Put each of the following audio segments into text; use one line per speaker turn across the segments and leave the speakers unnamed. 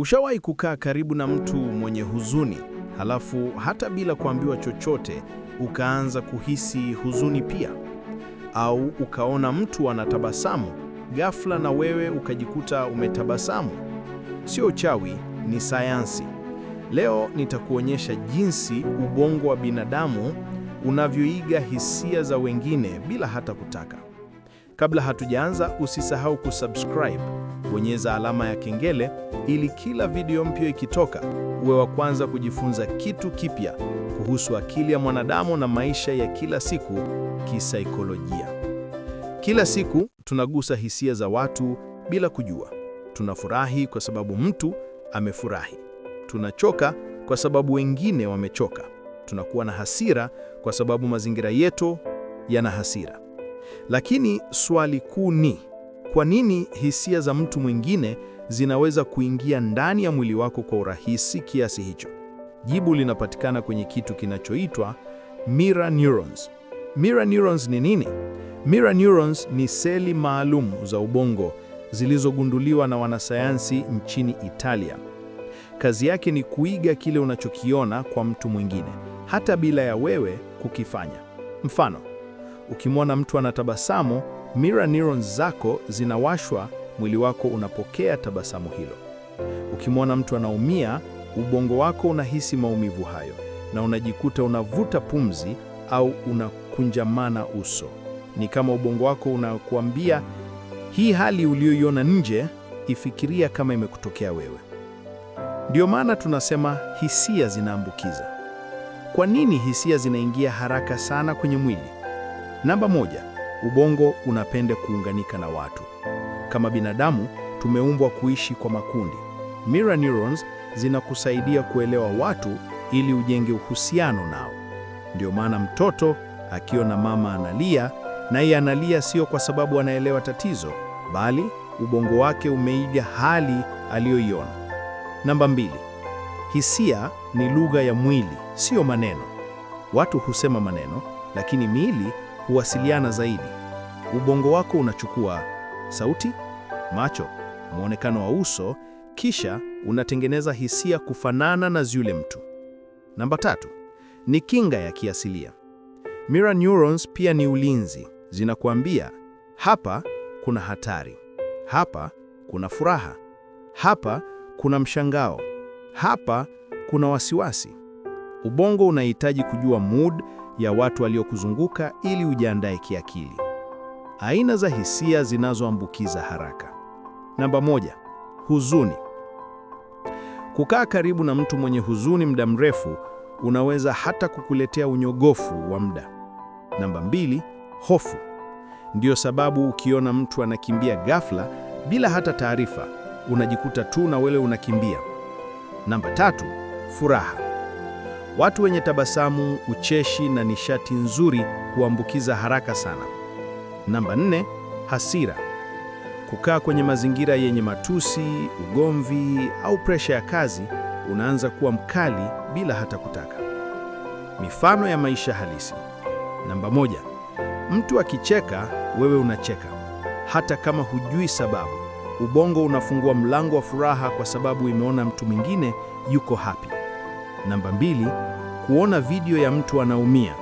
Ushawahi kukaa karibu na mtu mwenye huzuni, halafu hata bila kuambiwa chochote ukaanza kuhisi huzuni pia? Au ukaona mtu anatabasamu ghafla na wewe ukajikuta umetabasamu? Sio chawi, ni sayansi. Leo nitakuonyesha jinsi ubongo wa binadamu unavyoiga hisia za wengine bila hata kutaka. Kabla hatujaanza, usisahau kusubscribe, bonyeza alama ya kengele ili kila video mpya ikitoka uwe wa kwanza kujifunza kitu kipya kuhusu akili ya mwanadamu na maisha ya kila siku kisaikolojia. Kila siku tunagusa hisia za watu bila kujua. Tunafurahi kwa sababu mtu amefurahi, tunachoka kwa sababu wengine wamechoka, tunakuwa na hasira kwa sababu mazingira yetu yana hasira. Lakini swali kuu ni kwa nini hisia za mtu mwingine zinaweza kuingia ndani ya mwili wako kwa urahisi kiasi hicho? Jibu linapatikana kwenye kitu kinachoitwa mirror neurons. Mirror neurons ni nini? Mirror neurons ni seli maalum za ubongo zilizogunduliwa na wanasayansi nchini Italia. Kazi yake ni kuiga kile unachokiona kwa mtu mwingine hata bila ya wewe kukifanya. Mfano, Ukimwona mtu anatabasamu, mirror neurons zako zinawashwa, mwili wako unapokea tabasamu hilo. Ukimwona mtu anaumia, ubongo wako unahisi maumivu hayo na unajikuta unavuta pumzi au unakunjamana uso. Ni kama ubongo wako unakuambia hii hali uliyoiona nje, ifikiria kama imekutokea wewe. Ndio maana tunasema hisia zinaambukiza. Kwa nini hisia zinaingia haraka sana kwenye mwili? Namba moja, ubongo unapenda kuunganika na watu. Kama binadamu tumeumbwa kuishi kwa makundi. Mirror neurons zinakusaidia kuelewa watu ili ujenge uhusiano nao. Ndio maana mtoto akiona mama analia, naye analia sio kwa sababu anaelewa tatizo, bali ubongo wake umeiga hali aliyoiona. Namba mbili, hisia ni lugha ya mwili, siyo maneno. Watu husema maneno, lakini miili huwasiliana zaidi. Ubongo wako unachukua sauti, macho, mwonekano wa uso, kisha unatengeneza hisia kufanana na yule mtu. Namba tatu ni kinga ya kiasilia. Mirror neurons pia ni ulinzi, zinakuambia hapa kuna hatari, hapa kuna furaha, hapa kuna mshangao, hapa kuna wasiwasi. Ubongo unahitaji kujua mood ya watu waliokuzunguka ili ujiandae kiakili. Aina za hisia zinazoambukiza haraka. Namba moja, huzuni. Kukaa karibu na mtu mwenye huzuni muda mrefu unaweza hata kukuletea unyogofu wa muda. Namba mbili, hofu. Ndiyo sababu ukiona mtu anakimbia ghafla bila hata taarifa, unajikuta tu na wewe unakimbia. Namba tatu, furaha. Watu wenye tabasamu, ucheshi na nishati nzuri huambukiza haraka sana. Namba nne, hasira. Kukaa kwenye mazingira yenye matusi, ugomvi au presha ya kazi, unaanza kuwa mkali bila hata kutaka. Mifano ya maisha halisi. Namba moja, mtu akicheka, wewe unacheka hata kama hujui sababu. Ubongo unafungua mlango wa furaha kwa sababu imeona mtu mwingine yuko happy. Namba mbili, kuona video ya mtu anaumia.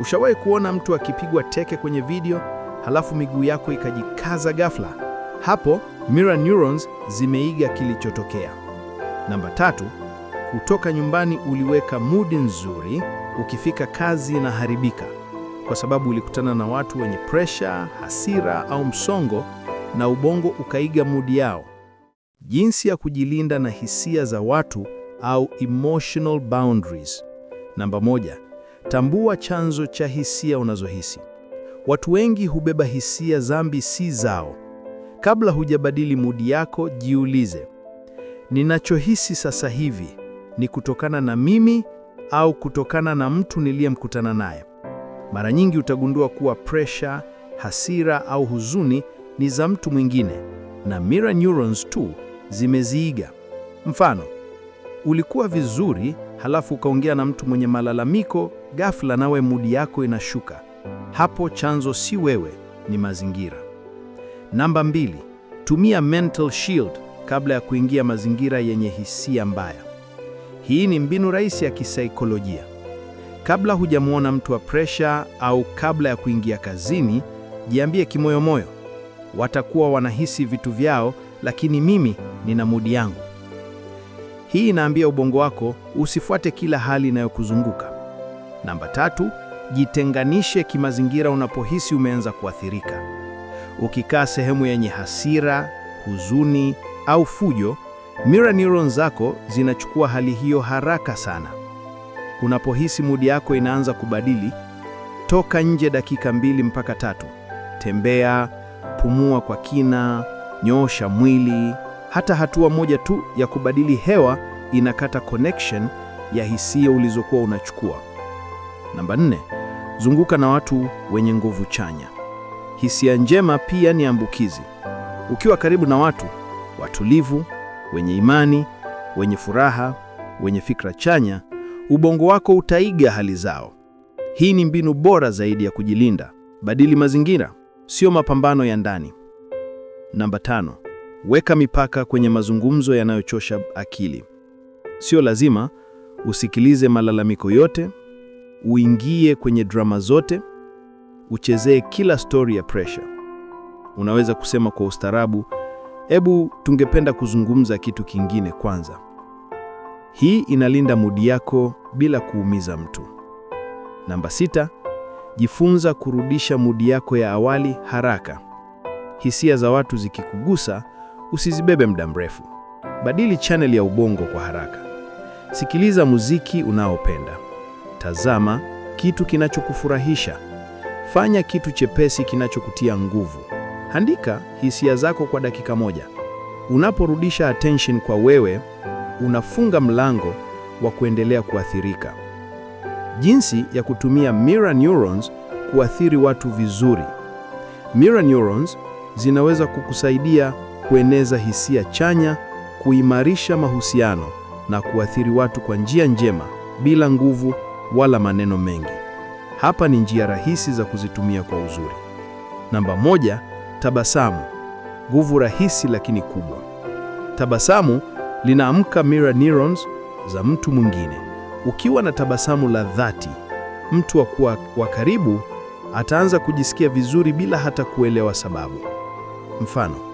Ushawahi kuona mtu akipigwa teke kwenye video halafu miguu yako ikajikaza ghafla? Hapo mirror neurons zimeiga kilichotokea. Namba tatu, kutoka nyumbani uliweka mudi nzuri, ukifika kazi inaharibika kwa sababu ulikutana na watu wenye presha, hasira au msongo na ubongo ukaiga mudi yao. Jinsi ya kujilinda na hisia za watu au emotional boundaries. Namba moja, tambua chanzo cha hisia unazohisi. Watu wengi hubeba hisia zambi si zao. Kabla hujabadili mudi yako, jiulize, ninachohisi sasa hivi ni kutokana na mimi au kutokana na mtu niliyemkutana naye? Mara nyingi utagundua kuwa presha, hasira au huzuni ni za mtu mwingine na mirror neurons tu zimeziiga. Mfano, ulikuwa vizuri, halafu ukaongea na mtu mwenye malalamiko, ghafla nawe mudi yako inashuka. Hapo chanzo si wewe, ni mazingira. Namba mbili, tumia mental shield kabla ya kuingia mazingira yenye hisia mbaya. Hii ni mbinu rahisi ya kisaikolojia. Kabla hujamwona mtu wa presha au kabla ya kuingia kazini, jiambie kimoyomoyo, watakuwa wanahisi vitu vyao, lakini mimi nina mudi yangu. Hii inaambia ubongo wako usifuate kila hali inayokuzunguka. Namba tatu, jitenganishe kimazingira unapohisi umeanza kuathirika. Ukikaa sehemu yenye hasira, huzuni au fujo, mirror neurons zako zinachukua hali hiyo haraka sana. Unapohisi mudi yako inaanza kubadili, toka nje dakika mbili mpaka tatu. Tembea, pumua kwa kina, nyoosha mwili hata hatua moja tu ya kubadili hewa inakata connection ya hisia ulizokuwa unachukua. Namba nne, zunguka na watu wenye nguvu chanya. Hisia njema pia ni ambukizi. Ukiwa karibu na watu watulivu, wenye imani, wenye furaha, wenye fikra chanya, ubongo wako utaiga hali zao. Hii ni mbinu bora zaidi ya kujilinda. Badili mazingira, sio mapambano ya ndani. Namba tano, Weka mipaka kwenye mazungumzo yanayochosha akili. Sio lazima usikilize malalamiko yote, uingie kwenye drama zote, uchezee kila stori ya pressure. Unaweza kusema kwa ustaarabu, ebu tungependa kuzungumza kitu kingine kwanza. Hii inalinda mudi yako bila kuumiza mtu. Namba sita, jifunza kurudisha mudi yako ya awali haraka. Hisia za watu zikikugusa usizibebe muda mrefu. Badili chaneli ya ubongo kwa haraka. Sikiliza muziki unaopenda, tazama kitu kinachokufurahisha, fanya kitu chepesi kinachokutia nguvu, andika hisia zako kwa dakika moja. Unaporudisha attention kwa wewe, unafunga mlango wa kuendelea kuathirika. Jinsi ya kutumia mirror neurons kuathiri watu vizuri. Mirror neurons zinaweza kukusaidia kueneza hisia chanya, kuimarisha mahusiano na kuathiri watu kwa njia njema bila nguvu wala maneno mengi. Hapa ni njia rahisi za kuzitumia kwa uzuri. Namba moja, tabasamu. Nguvu rahisi lakini kubwa. Tabasamu linaamka mirror neurons za mtu mwingine. Ukiwa na tabasamu la dhati, mtu wa karibu ataanza kujisikia vizuri bila hata kuelewa sababu. Mfano,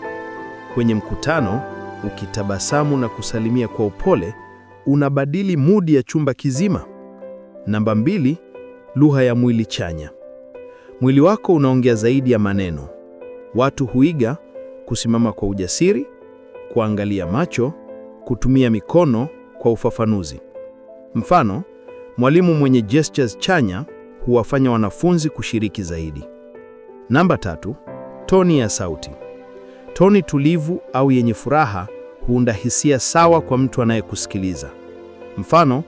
Kwenye mkutano, ukitabasamu na kusalimia kwa upole, unabadili mudi ya chumba kizima. Namba mbili, lugha ya mwili chanya. Mwili wako unaongea zaidi ya maneno. Watu huiga kusimama kwa ujasiri, kuangalia macho, kutumia mikono kwa ufafanuzi. Mfano, mwalimu mwenye gestures chanya huwafanya wanafunzi kushiriki zaidi. Namba tatu, toni ya sauti. Toni tulivu au yenye furaha huunda hisia sawa kwa mtu anayekusikiliza. Mfano,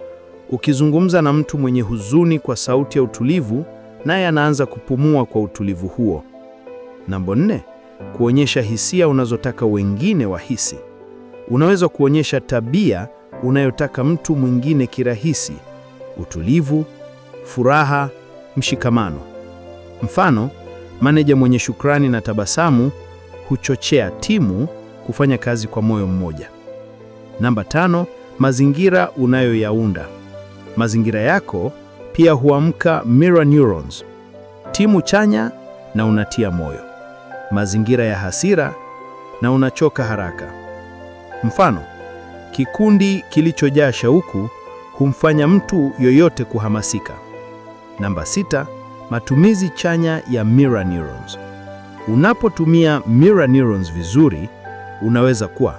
ukizungumza na mtu mwenye huzuni kwa sauti ya utulivu, naye anaanza kupumua kwa utulivu huo. Namba nne, kuonyesha hisia unazotaka wengine wahisi. Unaweza kuonyesha tabia unayotaka mtu mwingine kirahisi: utulivu, furaha, mshikamano. Mfano, maneja mwenye shukrani na tabasamu huchochea timu kufanya kazi kwa moyo mmoja. Namba tano, mazingira unayoyaunda. Mazingira yako pia huamka mirror neurons, timu chanya na unatia moyo, mazingira ya hasira na unachoka haraka. Mfano, kikundi kilichojaa shauku humfanya mtu yoyote kuhamasika. Namba sita, matumizi chanya ya mirror neurons. Unapotumia mirror neurons vizuri, unaweza kuwa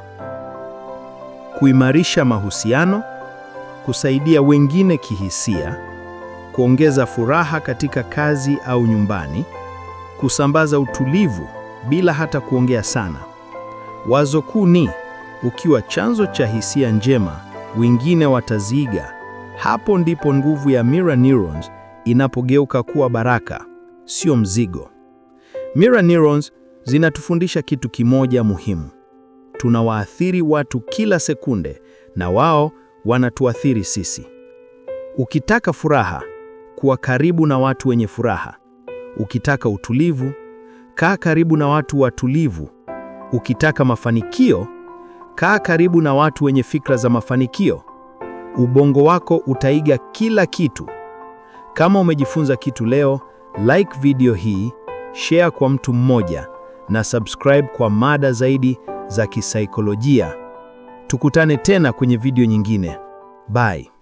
kuimarisha mahusiano, kusaidia wengine kihisia, kuongeza furaha katika kazi au nyumbani, kusambaza utulivu bila hata kuongea sana. Wazo kuu ni ukiwa chanzo cha hisia njema, wengine wataziiga. Hapo ndipo nguvu ya mirror neurons inapogeuka kuwa baraka, sio mzigo. Mirror neurons zinatufundisha kitu kimoja muhimu. Tunawaathiri watu kila sekunde na wao wanatuathiri sisi. Ukitaka furaha, kuwa karibu na watu wenye furaha. Ukitaka utulivu, kaa karibu na watu watulivu. Ukitaka mafanikio, kaa karibu na watu wenye fikra za mafanikio. Ubongo wako utaiga kila kitu. Kama umejifunza kitu leo, like video hii share kwa mtu mmoja na subscribe kwa mada zaidi za kisaikolojia. Tukutane tena kwenye video nyingine. Bye.